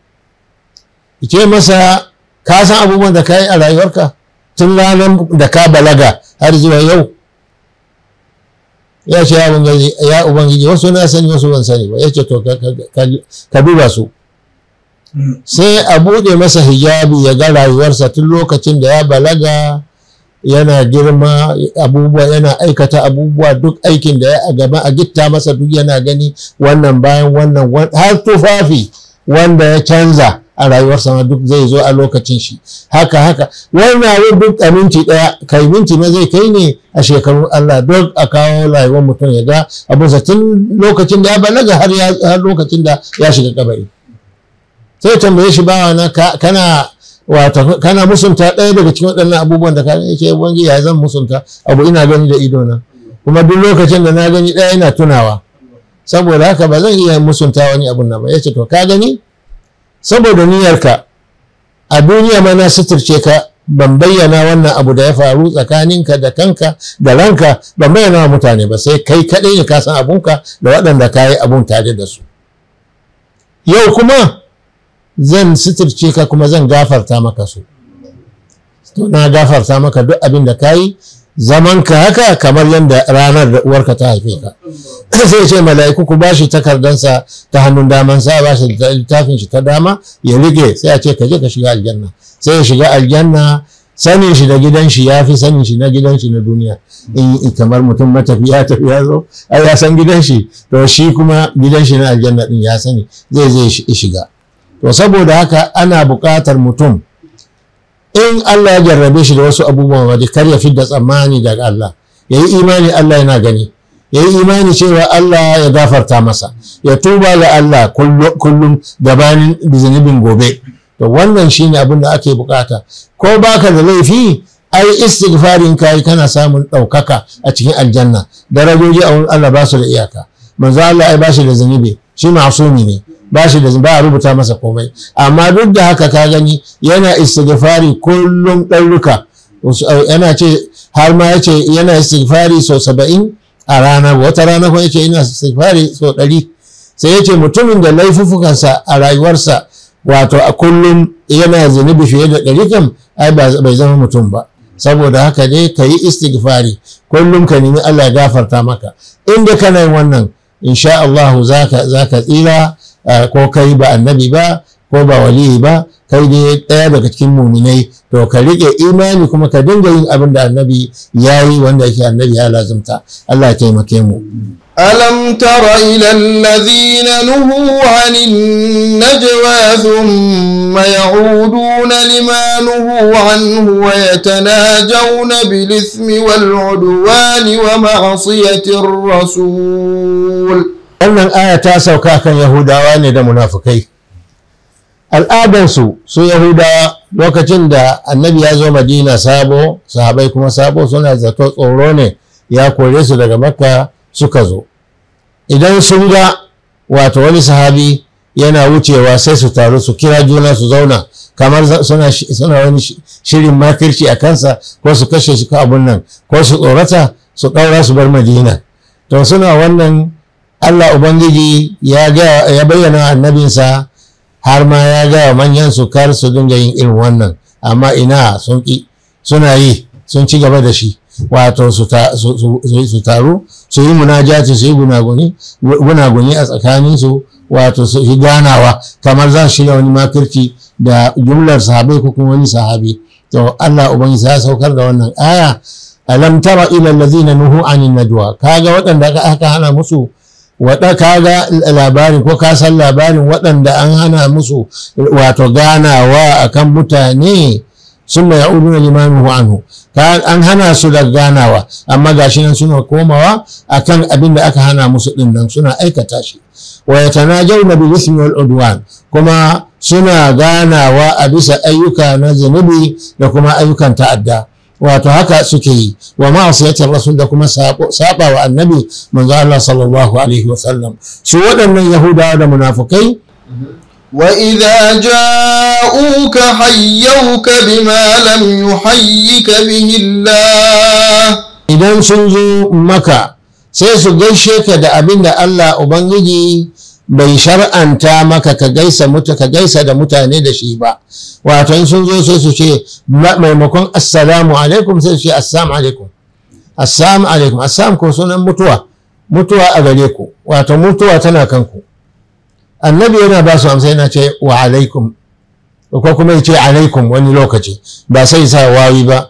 ke masa ka san abubuwan da ka yi a rayuwarka tun ranar da ka balaga har zuwa yau ya ce ya ubangiji wasu na sani wasu ban sani ba ya ce to ka duba su hmm. sai a buɗe masa hijabi ya ga rayuwarsa tun lokacin da ya balaga yana girma abubuwa yana aikata abubuwa duk aikin da ya gaba a gitta masa duk yana gani wannan bayan wannan har tufafi wanda ya canza a rayuwarsa ma duk zai zo a lokacin shi haka haka wannan abin duk a minti daya kai minti ma zai kai ne a shekarun Allah duk a kawo rayuwar mutum ya ga sa tun lokacin da ya balaga har lokacin da ya shiga kabari sai tambaye shi bawa na kana wato kana musunta ɗaya daga cikin waɗannan abubuwan da kana yake wangi ya zan musunta abu ina gani da ido na kuma duk lokacin da na gani ɗaya ina tunawa saboda haka ba zan iya musunta wani abun na ba yace to ka gani saboda niyyarka a duniya ma suturce ka ban bayyana wannan abu da ya faru tsakaninka da kanka da ranka ban bayyana wa mutane ba sai kai kaɗai ne ka abunka da waɗanda ka yi abun tare da su yau kuma zan suturce ka kuma zan gafarta maka su na gafarta maka duk abin da ka yi zaman ka haka kamar yadda ranar da uwarka ta haife ka sai ce mala'iku ku bashi takardansa ta hannun daman sa bashi littafin shi ta dama ya rike sai a ce ka je ka shiga aljanna sai ya shiga aljanna sanin shi da gidan shi ya fi sanin shi na gidan shi na duniya in kamar mutum matafiya tafiya zo ai ya san gidan shi to shi kuma gidan shi na aljanna din ya sani zai zai shiga to saboda haka ana buƙatar mutum in Allah ya jarrabe shi da wasu abubuwan waje kar ya fidda tsammani daga Allah ya yi imani Allah yana gani ya yi imani cewa Allah ya gafarta masa ya tuba ga Allah kullum gabanin zunubin gobe to wannan shi ne abin da ake bukata ko baka da laifi ai istighfarin kai kana samun ɗaukaka a cikin aljanna darajoji a wurin Allah ba su da iyaka manzo Allah ai ba shi da zunubi shi masumi ne ba shi da ba a rubuta masa komai amma duk da haka ka gani yana istighfari kullum ɗaruka eh, yana ce har ma ya ce yana istighfari sau saba'in a rana wata rana kuma ya ce ina istighfari sau ɗari sai ya mutumin da laifuffukansa a rayuwarsa wato a kullum yana zunubi fiye da ɗari kam ai bai zama mutum ba saboda haka ne ka yi istighfari kullum ka nemi Allah ya gafarta maka inda kana yin wannan insha Allah za ka tsira ko kai ba annabi ba ko ba waliyi ba kai dai ɗaya daga cikin muminai to ka riƙe imani kuma ka dinga yin abin da annabi ya yi wanda yake annabi ya lazumta Allah ya taimake mu ألم تر إلى الذين نهوا عن النجوى ثم يعودون لما نهوا عنه ويتناجون بالإثم والعدوان ومعصية الرسول wannan aya ta sauka kan yahudawa ne da munafukai al'adansu su yahudawa lokacin da annabi ya zo madina sabo sahabai kuma sabo suna zato tsoro ne ya kore su daga makka suka zo idan sun ga wato wani sahabi yana wucewa sai su taru su kira juna su zauna kamar suna, wani shirin makirci a kansa ko su kashe shi ka abun nan ko su tsorata su ɗaura su bar madina to suna wannan Allah Ubangiji ya ya bayyana annabinsa har ma ya gaya manyan su kar su dinga yin irin wannan amma ina sun ki suna yi sun ci gaba da shi wato su taru su yi munajati su yi gunaguni a tsakaninsu wato su yi ganawa kamar za su wani makirci da jumlar sahabai ko kuma wani sahabi to Allah ubangiji ya saukar da wannan aya alam tara ila allazina nuhu anin najwa kaga waɗanda aka hana musu waɗa ga labari ko ka san labarin waɗanda an hana musu wato ganawa akan mutane sun mai ya'udu na limamin anhu an hana su da ganawa amma gashi nan suna komawa akan abin da aka hana musu ɗin nan suna aikata shi wa yatanajawna bil na wal kuma suna ganawa a bisa ayyuka na zunubi da kuma ayyukan ta'adda wato haka suke yi wa ma'asiyatin rasul da kuma saba wa annabi manzo Allah sallallahu alaihi su waɗannan yahudawa da munafukai وإذا جاءوك حيوك بما لم يحيك به الله idan sun zo maka sai su gaishe ka da abinda Allah Ubangiji bai shar'anta maka ka gaisa mutu ka gaisa da mutane da shi ba wato in sun zo sai su ce maimakon assalamu alaikum sai su ce assalamu alaikum assalamu alaikum assalamu ko sunan mutuwa mutuwa a gare ku wato mutuwa tana kanku annabi yana ba su amsa yana ce wa alaikum ko kuma ya ce alaikum wani lokaci ba sai sa wawi ba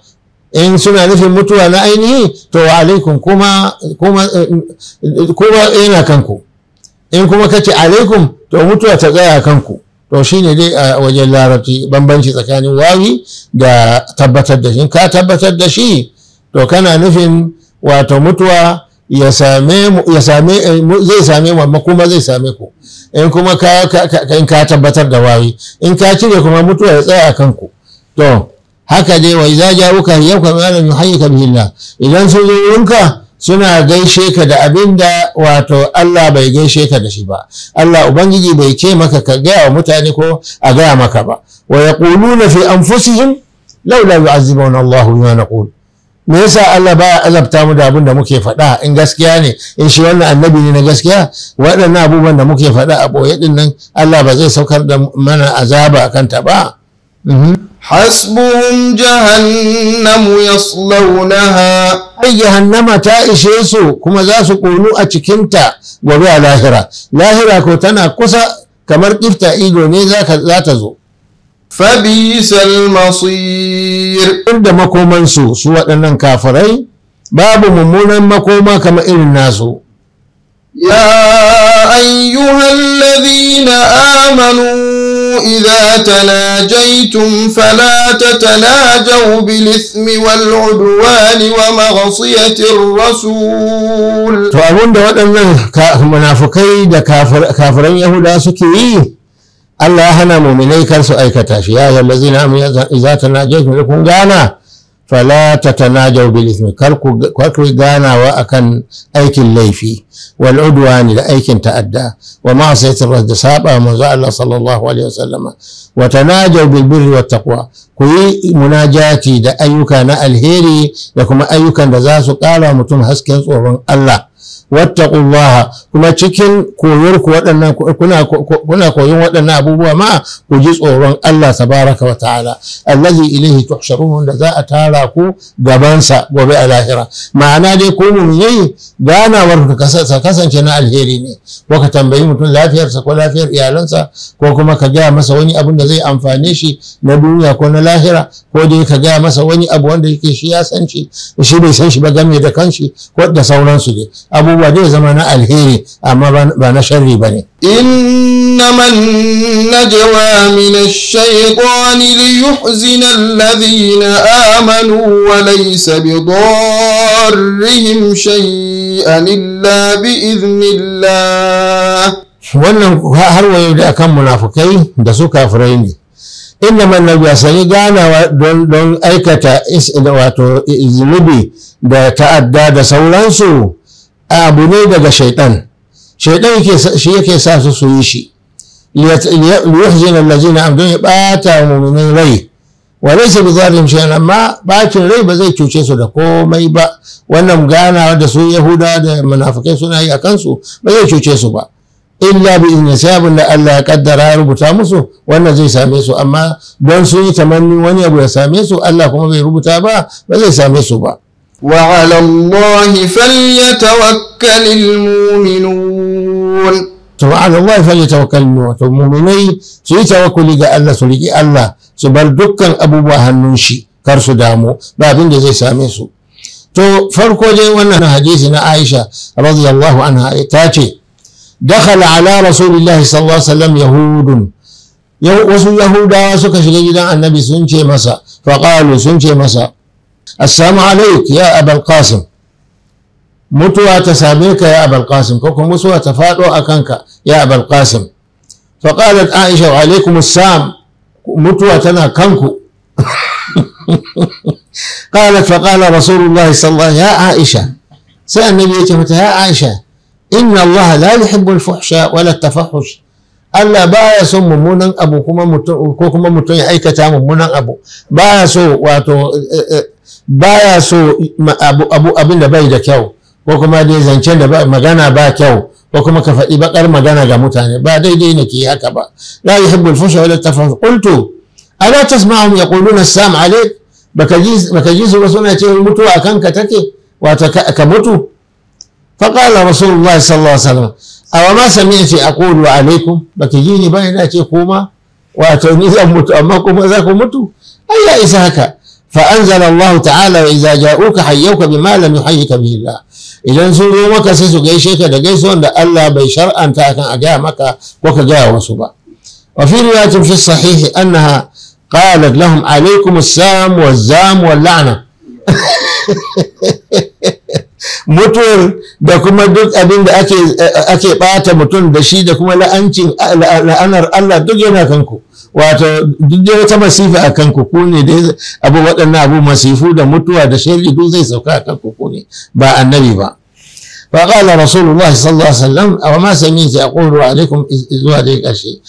in suna nufin mutuwa na ainihi to wa alaikum kuma kuma eh, kuma yana kanku in kuma ka ce alaikum to mutuwa ta tsaya a kanku to shine dai a wajen larabci bambanci tsakanin wawi da tabbatar da shi ka tabbatar da shi to kana nufin wato mutuwa ya same zai same mu amma kuma zai same ku in kuma ka in ka tabbatar da wawi in ka cire kuma mutuwa ya tsaya a kanku to haka dai wa idza ja'uka yawka ma lam yuhayyika bihi idan sun zo wurinka suna gaishe ka da abin da wato Allah bai gaishe ka da shi ba Allah ubangiji bai ce maka ka gaya wa mutane ko a gaya maka ba wa yaquluna fi anfusihim laula yu'azzibuna Allahu bima naqul me yasa Allah ba azabta mu da abin da muke faɗa in gaskiya ne in shi wannan annabi ne na gaskiya waɗannan abubuwan da muke faɗa a boye dinnan nan Allah ba zai saukar da mana azaba akan ta ba mhm. namu ya yaslawnaha ai jahannama ta ishe su kuma zasu su konu a cikinta gobe a lahira lahira ko tana kusa kamar kifta ido ne za ta zo fabisal masir inda makomansu su waɗannan kafarai babu mummunan makoma kamar irin nasu ya ayyuhal ladina amanu إذا تناجيتم فلا تتناجوا بالإثم والعدوان ومعصية الرسول to abun da waɗannan munafukai da kafiran yahuda suke yi Allah ya hana muminai kar su aikata shi ya yi lazina mu idza tanajaytum kun gana fala tatanajaw bil ismi kar ku ganawa akan aikin laifi wal udwani da aikin ta'adda wa ma sayta da saba manzo Allah sallallahu alaihi wasallam wa tanajaw bil birri wat taqwa ku yi munajati da ayyuka na alheri da kuma ayyukan da za su kara mutum hasken tsoron Allah wattaqullaha kuma cikin koyar waɗannan kuna kuna koyon waɗannan abubuwa ma ku ji tsoron Allah tabaraka wa ta'ala allazi ilayhi tuhsharun da za a tara ku gabansa. gobe a lahira ma'ana dai ko mu'minai ganawar ka kasance na alheri ne ko ka tambayi mutum lafiyarsa ko lafiyar iyalansa ko kuma ka gaya masa wani abun da zai amfane shi na duniya ko na lahira ko dai ka gaya masa wani abu wanda yake shi ya san shi shi bai san shi ba game da kanshi ko da sauransu dai abu abubuwa zai zama na alheri amma ba na sharri ba ne إنما النجوى من الشيطان ليحزن الذين آمنوا وليس بضارهم شيئا إلا بإذن الله wannan har wayo da akan munafukai da su kafirai ne inda mannabi sani ganawa don aikata wato zunubi da ta'adda da sauransu abu ne daga shaitan shaitan shi yake sa su su yi shi liyuhzina allazina am don ya bata mu'minin rai wa laysa bi zalim shay'an amma bacin rai ba zai cuce su da komai ba wannan ganawa da su yahuda da munafikai suna yi a kansu ba zai cuce su ba illa bi in sabun da Allah ya kaddara ya rubuta musu wannan zai same su amma don sun yi tamanni wani abu ya same su Allah kuma bai rubuta ba ba zai same su ba وعلى الله فليتوكل المؤمنون سبحان الله فليتوكل المؤمنين سي توكلي ga Allah su riki Allah su bar dukkan abubuwa hannun shi kar su damu ba abin da zai same su to farko dai wannan hadisi na Aisha radiyallahu anha ta ce dakhala ala rasulillahi sallallahu alaihi wasallam yahudun wasu yahudawa suka shiga gidan annabi sun ce masa faqalu sun ce masa assalamu alaik ya abal qasim mutuwa ta same ka ya abal qasim ko kuma mutuwa ta faɗo a kanka ya abal qasim fa qalat aisha wa alaikum assalam mutuwa tana kanku qalat fa qala rasulullahi sallallahu ya aisha sai annabi yake mata ya aisha inna allaha la yuhibbu al-fuhsha wala at-tafahhush Allah ya son mummunan abu ko kuma mutum ya aikata mummunan abu ba ya so wato eh, eh, baya so abin da bai da kyau ko kuma dai zancen da magana ba kyau ko kuma ka faɗi bakar magana ga mutane ba daidai ne ke haka ba la yuhibbul fusha al tafahum qultu ala tasma'u yaquluna assam alayk baka ji baka ji su suna ce mutu akan ka take wato ka mutu qala rasulullahi sallallahu alaihi wasallam aw ma sami'ti aqulu alaykum baka ji ni ba ina ce kuma wato ni zan mutu amma kuma za ku mutu ai ya isa haka فأنزل الله تعالى واذا جاءوك حيوك بما لم يحيك به الله إذا سوري مكة سيسو قيشيك دقيسون لألا بيشر أن تأكن أجا مكة وكا جاء وصبا وفي رواية في الصحيح أنها قالت لهم عليكم السام والزام واللعنة متر دا كما دوك أبين دا أكي أكي بات متر دا شي دا كما لأنتي لأنر الله دوك يناكنكم wato duk da wata masifa akan ku ku ne da abu wadannan abu masifu da mutuwa da shari'a duk zai sauka akan ku ne ba annabi ba فقال رسول الله صلى الله عليه وسلم أو ما سمعت أقول عليكم إذوا ذلك الشيء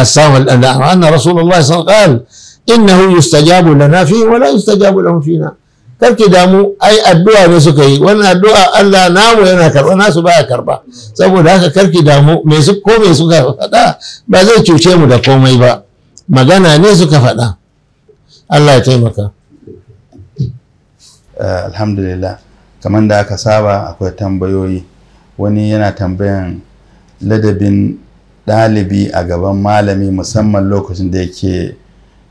السام الأنعام أن رسول الله صلى الله عليه وسلم قال إنه يستجاب لنا فيه ولا يستجاب لهم فينا karki damu ai addu'a ne suka yi wannan addu'a Allah namu yana karba nasu baya karba saboda haka karki damu me su ko me suka faɗa ba zai cuce mu da komai ba magana ne suka faɗa Allah ya taimaka eh, alhamdulillah kamar da aka saba akwai tambayoyi wani yana tambayan ladabin ɗalibi a gaban malami musamman lokacin da yake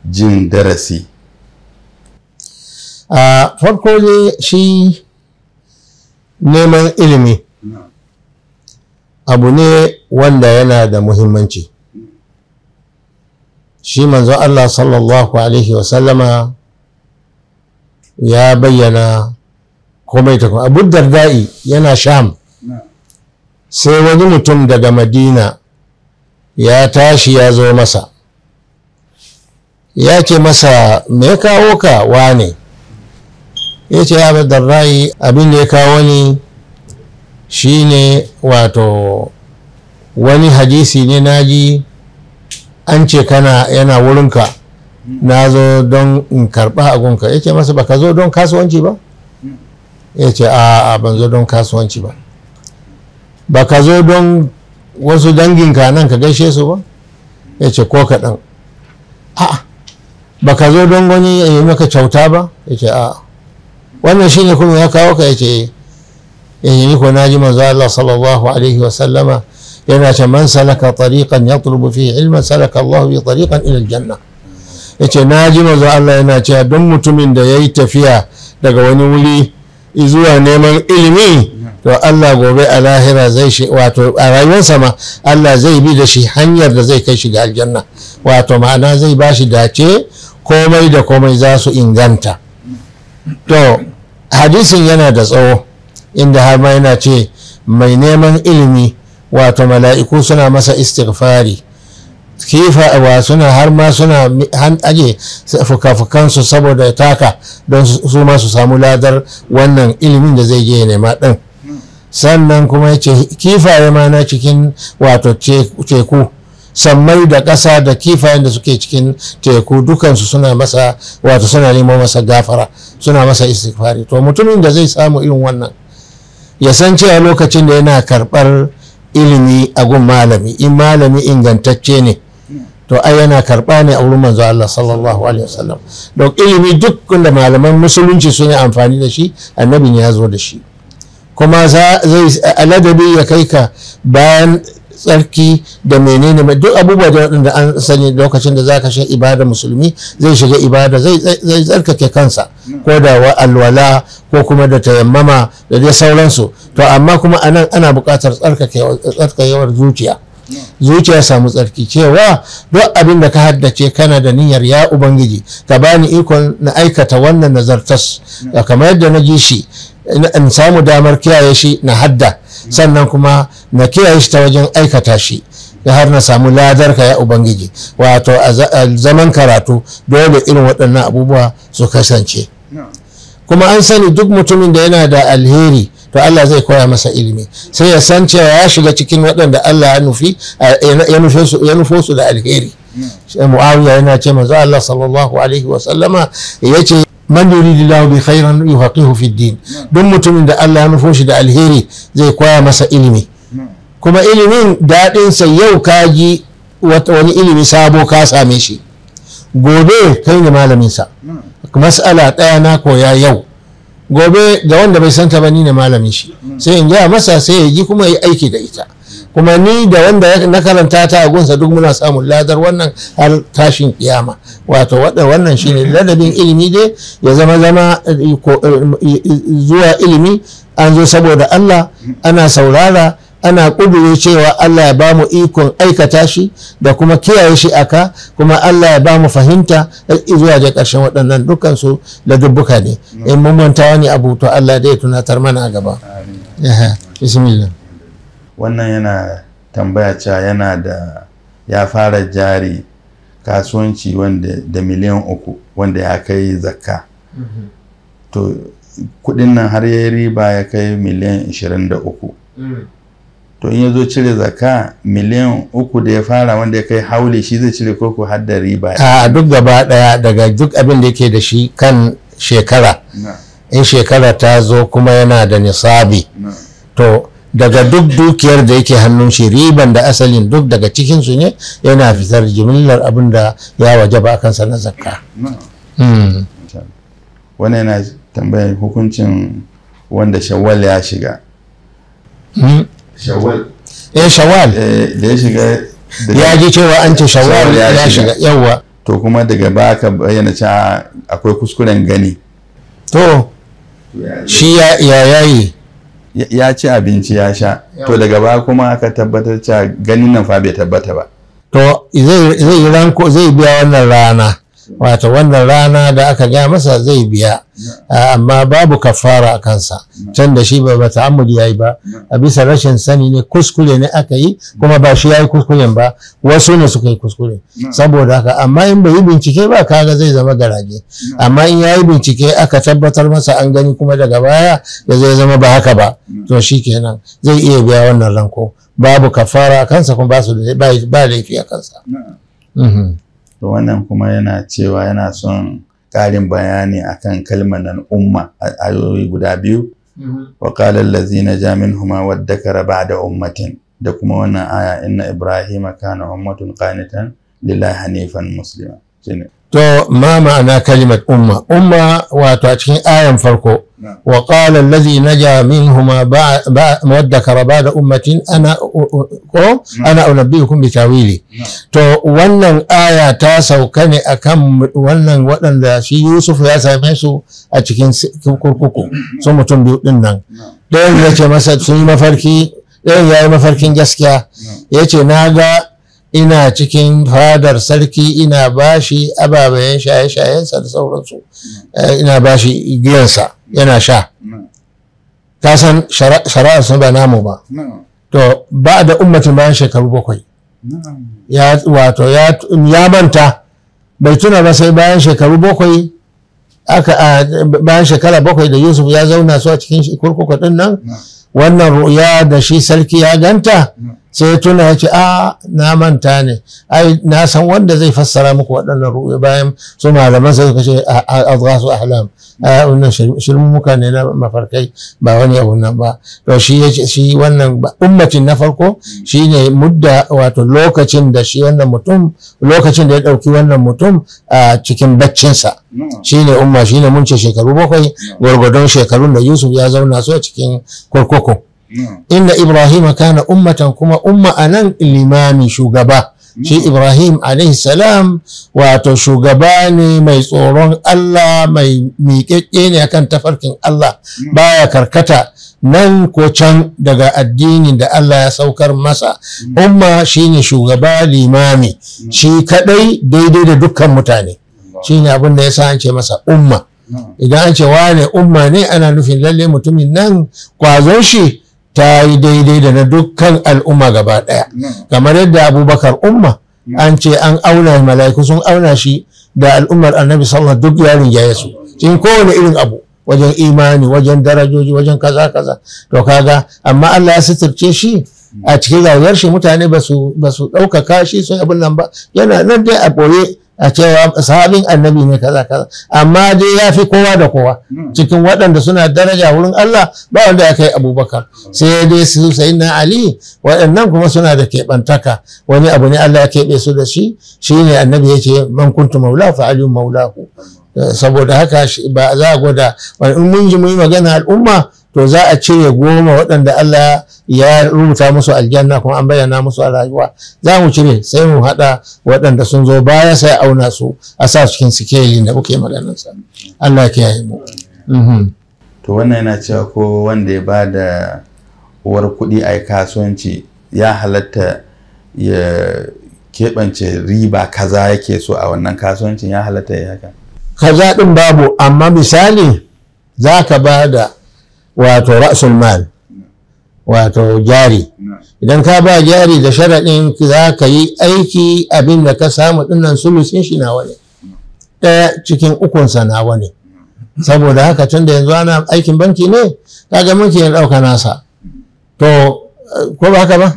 jin darasi a farko ne shi neman ilimi abu ne wanda yana da muhimmanci shi manzo Allah sallallahu alaihi wasallama ya bayyana komai ta kuma abu dardai yana sham sai wani mutum daga madina ya tashi ya zo masa ya ce masa me kawo ka wane ya ce ya da rayi abin da ya kawo ni ne wato wani hadisi ne na ji an ce kana yana wurinka na zo don in karɓa agunka ya ce masa baka zo don kasuwanci ba ya ce a ban zo don kasuwanci ba baka zo don wasu danginka nan ka gaishe su ba ya ce ko kaɗan a baka zo don wani ya yi maka kyauta ba ya ce a wannan shine kuma ya kawo ka yace yayi eh, ko naji manzo Allah sallallahu alaihi wa sallama yana ce man salaka tariqan yatlubu fi ilma salaka Allah bi tariqan ila aljanna yace naji manzo Allah yana cewa don mutumin da yayi tafiya daga wani wuri zuwa neman ilimi to Allah gobe a lahira zai shi wato a rayuwarsa ma Allah zai bi da shi hanyar da zai kai shi ga aljanna wato ma'ana zai ba shi dace komai da komai za su inganta to hadisin yana da tsawo inda har ma yana ce mai neman ilimi wato mala'iku suna masa istighfari kifa wa suna har ma suna aje fuka-fukansu saboda taka don su ma su samu ladar wannan ilimin da zai je nema ɗin sannan kuma ya ce kifaye ma na cikin wato teku sammai da ƙasa da kifayen da suke cikin teku dukansu suna masa wato suna nemo masa gafara suna masa istighfari to mutumin da zai samu irin wannan ya san cewa lokacin da yana karɓar ilimi a gun malami in malami ingantacce ne to ai yana karɓa ne a wurin manzo Allah sallallahu alaihi wasallam don ilimi duk da malaman musulunci sun yi amfani da shi annabin ya zo da shi kuma zai ladabi ya kai ka bayan tsarki da menene mai duk abubuwa da waɗanda an sani lokacin da za ka shiga ibada musulmi zai shiga ibada zai tsarkake kansa ko da alwala ko kuma da tayammama da dai sauransu to amma kuma anan ana bukatar tsarkakewar zuciya zuciya samu tsarki cewa duk abin da ka haddace kana da niyyar ya ubangiji ka bani ikon na aikata wannan nazartas kamar yadda na ji shi in samu damar kiyaye shi na hadda sannan kuma na kiyaye shi ta wajen aikata shi da har na samu ladar ka ya ubangiji wato a zaman karatu dole irin waɗannan abubuwa su kasance kuma an sani duk mutumin da yana da alheri to Allah zai koya masa ilimi sai ya san cewa ya shiga cikin waɗanda Allah ya nufi ya nufo su da alheri sai muawiya yana ce manzo Allah sallallahu alaihi wa sallama yace man yuridillahu bi khairan yufaqihu fi din don mutumin da Allah ya nufo shi da alheri zai koya masa ilimi kuma ilimin daɗinsa sa yau ka ji wani ilimi sabo ka same shi gobe kai ne malamin sa mas'ala ɗaya na koya yau gobe ga wanda bai santa ba ni ne malamin shi sai in gaya masa sai ya ji kuma ya aiki da ita kuma ni da wanda na karanta ta gunsa duk muna samun ladar wannan har tashin kiyama wato wannan shine ladabin ilimi dai ya zama zama eh, eh, eh, zuwa ilimi an zo saboda Allah ana saurara ana ƙudure cewa Allah ya bamu ikon aikata shi da kuma kiyaye shi aka kuma Allah ya bamu fahimta zuwa ga karshen waɗannan dukkan su da dubbuka ne in mun manta wani abu to Allah dai tunatar mana a gaba bismillah wannan yana tambaya cewa yana da ya fara jari kasuwanci wanda da miliyan uku wanda ya kai zakka mm-hmm. to kudin nan har ya riba ya kai miliyan 23 mm. to in ya zo cire zakka miliyan uku da ya fara wanda ya kai haule shi zai cire koko har da riba a duk gaba daya daga duk abin da yake da shi kan shekara in shekara ta zo kuma yana da nisabi to daga duk dukiyar da yake hannun shi riban da asalin duk daga cikin su ne yana fitar jimillar abin da ya wajaba akan sa na zakka hmm. wani yana tambayar hukuncin wanda shawwal ya shiga hmm. shawwal eh shawwal eh, da ya shiga ya ji cewa an ce shawwal ya shiga yawa to kuma daga ba ka bayyana cewa akwai kuskuren gani to shi ya yayi ya ci abinci ya sha to daga ba kuma aka tabbatar cewa ganin nan fa bai tabbata ba to zai biya wannan rana wata wannan rana da aka gaya masa zai biya ah, amma babu kafara a kansa can da shi ba ba ta'ammuli yayi ba a bisa rashin sani ne kuskure ne aka yi kuma ba shi yayi kuskure ba wasu ne suka yi kuskure saboda haka amma in bai yi bincike ba kaga zai zama garaje amma in yayi bincike aka tabbatar masa an gani kuma daga baya da zai zama ba haka ba to shi kenan zai iya biya wannan ranko babu kafara a kansa kuma ba su ba laifi a kansa mhm. to wannan kuma yana cewa yana son ƙarin bayani akan kalmar nan umma a ayoyi guda biyu mm-hmm. wa na jamin huma wadda waddakara ba'da ummatin da kuma wannan aya inna ibrahim kana ummatun qanitan lillahi hanifan muslima shine to ma ma'ana kalimat umma umma wato a cikin ayan farko wa qala allazi naja minhuma wadda dakara da ummatin ana ko ana unabbiukum bitawili to wannan aya ta sauka ne akan wannan waɗanda shi Yusuf ya same su a cikin kurkuku su mutum biyu din nan ɗayan ya ce masa sun mafarki ɗayan ya mafarkin gaskiya yace ce na ga ina cikin fadar sarki ina bashi ababen shaye-shayensa da sauransu eh, ina bashi giyansa yana sha ka san shara'a sun ba namu ba to ba da ummatin bayan shekaru bakwai ya wato ya manta bai tuna ba sai bayan shekaru bakwai aka bayan shekara bakwai da yusuf ya zauna su a cikin kurkuku din nan wannan ru'ya da shi sarki ya ganta sai tuna ya ce a ah, na manta ne ai na san wanda zai fassara muku waɗannan ruwa bayan su malaman sai a ce azghasu ahlam a ah, wannan shirmuka ne na mafarkai ba wani abu nan ba to shi shi wannan ummatin na farko shine mudda wato lokacin da shi wannan mutum lokacin da ya ɗauki wannan mutum a cikin baccinsa Shi ne umma ne mun ce shekaru bakwai gwargwadon shekarun da Yusuf ya zauna su a cikin kurkuku inna ibrahim kana ummatan kuma umma anan limami shugaba hmm. shi ibrahim alaihi salam wato shugaba ne mai tsoron allah mai miƙeƙe ne akan tafarkin allah hmm. baya karkata nan ko can daga addinin da allah ya saukar masa hmm. umma shine shugaba limami shi kadai daidai da dukkan mutane shine abin da ya sa an ce masa umma idan an ce wane umma ne ana nufin lalle mutumin nan kwazon shi ta yi daidai da na dukkan al'umma gaba ɗaya kamar yadda abubakar umma an ce an auna mala'iku sun auna shi da al'ummar annabi sallallahu duk ya rinjaye su cikin kowane irin abu wajen imani wajen darajoji wajen kaza kaza to kaga amma Allah ya suturce shi a cikin rayuwar shi mutane ba su ɗaukaka shi sun abin nan ba yana nan dai a boye a cewa sahabin annabi ne kaza kaza amma dai ya fi kowa da kowa hmm. cikin waɗanda suna daraja wurin Allah ba wanda ya kai abubakar sai dai su sayi na ali waɗannan kuma suna da keɓantaka wani abu ne Allah ya keɓe su da shi shine annabi yake man kuntu maula fa aliyu maulahu eh, saboda haka ba za a gwada in mun ji mun yi magana al'umma to za a cire goma waɗanda Allah ya rubuta musu aljanna kuma an bayyana musu a rayuwa za mu cire sai mu haɗa waɗanda sun zo baya sai auna su a sa cikin sikeli da kuke maganar sa. Allah ya yi mu mhm. to wannan yana cewa ko wanda ya ba da uwar kuɗi a kasuwanci ya halatta ya keɓance riba kaza yake so a wannan kasuwancin ya halatta ya haka kaza ɗin babu amma misali za ka ba wato ra'sul mal wato jari idan ka ba jari da sharaɗin za ka yi aiki abin da ka samu dinnan sulusin shi nawa ne ɗaya cikin ukunsa nawa ne saboda haka tun da yanzu ana aikin banki ne kaga mulki yin ɗauka nasa to ko ba haka ba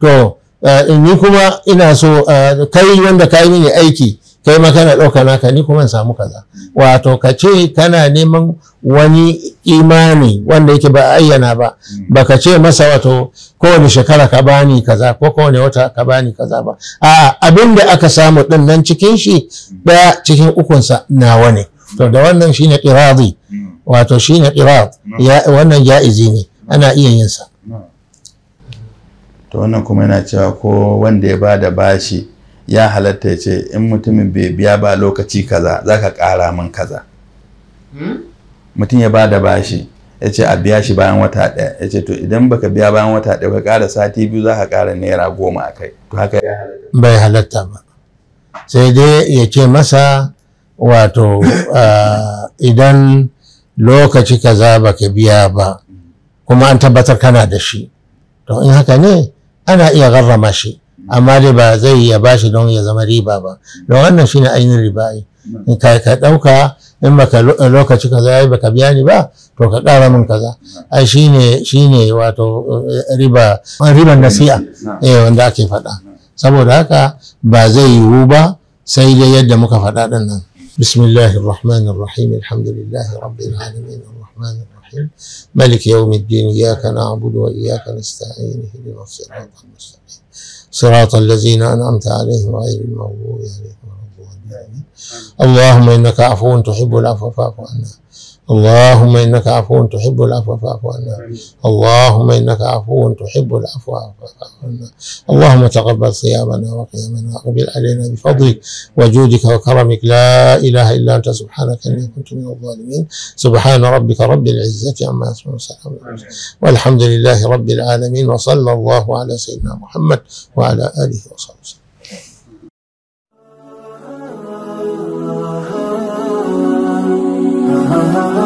to eh, ni kuma ina so eh, kai wanda ka yi mini aiki kai ma kana ɗauka naka ni kuma in samu kaza wato ka ce kana neman wani imani wanda yake ba ayyana ba mm. baka ce masa wato kowane shekara ka bani kaza ko kowane wata ka bani kaza ba a abin aka samu din nan cikin shi ɗaya cikin ukunsa nawa ne to da wannan shine qiradi mm. wato shine qirad mm. wannan jaizi ne ana iya yin sa to wannan kuma yana cewa ko wanda ya bada bashi ya halatta ya ce in mutumin bai biya ba lokaci kaza za ka ƙara min kaza hmm? mutum ya ba da bashi ya ce a biya shi bayan wata ɗaya ya ce to idan baka biya bayan wata ɗaya ka ƙara sati biyu za ka ƙara naira goma a kai to haka bai halatta ba sai dai ya ce masa wato idan lokaci kaza baka biya ba kuma an tabbatar kana da shi to in haka ne ana iya garrama shi amma dai ba zai ya bashi don ya zama riba ba don wannan shine ainihin riba'i in ka ka dauka in baka lokaci kaza yayi baka biya ni ba to ka kara min kaza ai shine shine wato riba riba nasi'a eh wanda ake fada saboda haka ba zai yiwu ba sai dai yadda muka fada din nan بسم الله الرحمن الرحيم الحمد لله رب العالمين الرحمن الرحيم ملك يوم الدين إياك نعبد وإياك نستعين اهدنا الصراط المستقيم صراط الذين أنعمت عليهم غير المغضوب عليهم ولا الضالين اللهم إنك عفو تحب العفو فاعف عنا اللهم إنك عفو تحب العفو فاعف عنا اللهم إنك عفو تحب العفو فاعف عنا اللهم تقبل صيامنا وقيامنا وقبل علينا بفضلك وجودك وكرمك لا إله إلا أنت سبحانك إني كنت من الظالمين سبحان ربك رب العزة عما يصفون وسلام والحمد لله رب العالمين وصلى الله على سيدنا محمد وعلى آله وصحبه وسلم uh-huh.